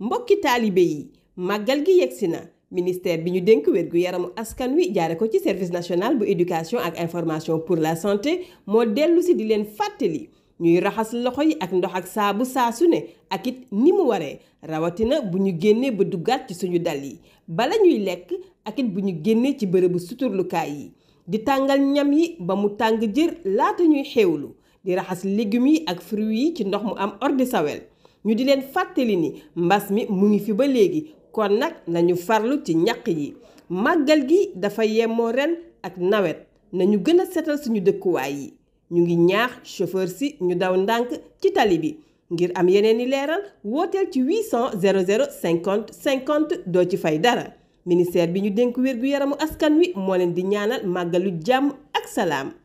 mbokki taalibe yi màggal gi yegsi na ministère bi ñu dénk wér gu yaramu askan wi jaare ko ci service national bu éducation ak information pour la santé moo dellusi di leen fàttali ñuy raxas loxo yi ak ndox ak saabu saa su ne ak it ni mu waree rawatina bu ñu génnee ba duggaat ci suñu dal yi bala ñuy lekk ak it bu ñu génnee ci bërëbu suturlukaay yi di tàngal ñam yi ba mu tàng jër laata ñuy xewlu di raxas légumes yi ak fruits yi ci ndox mu am ordisawel ñu di leen fàttali ni mbas mi mu ngi fi ba léegi kon nag nañu farlu ci ñaq yi màggal gi dafa yemoo ren ak nawet nañu gën a setal suñu dëkkuwaay yi ñu ngi ñaax chauffeur si ñu daw ndànk ci tali bi ngir am yeneen i leeral wooteel ci 800 00 50 50 doo ci fay dara ministère bi ñu dénk wér gu yaramu askan wi moo leen di ñaanal màggalu jàmm ak salaam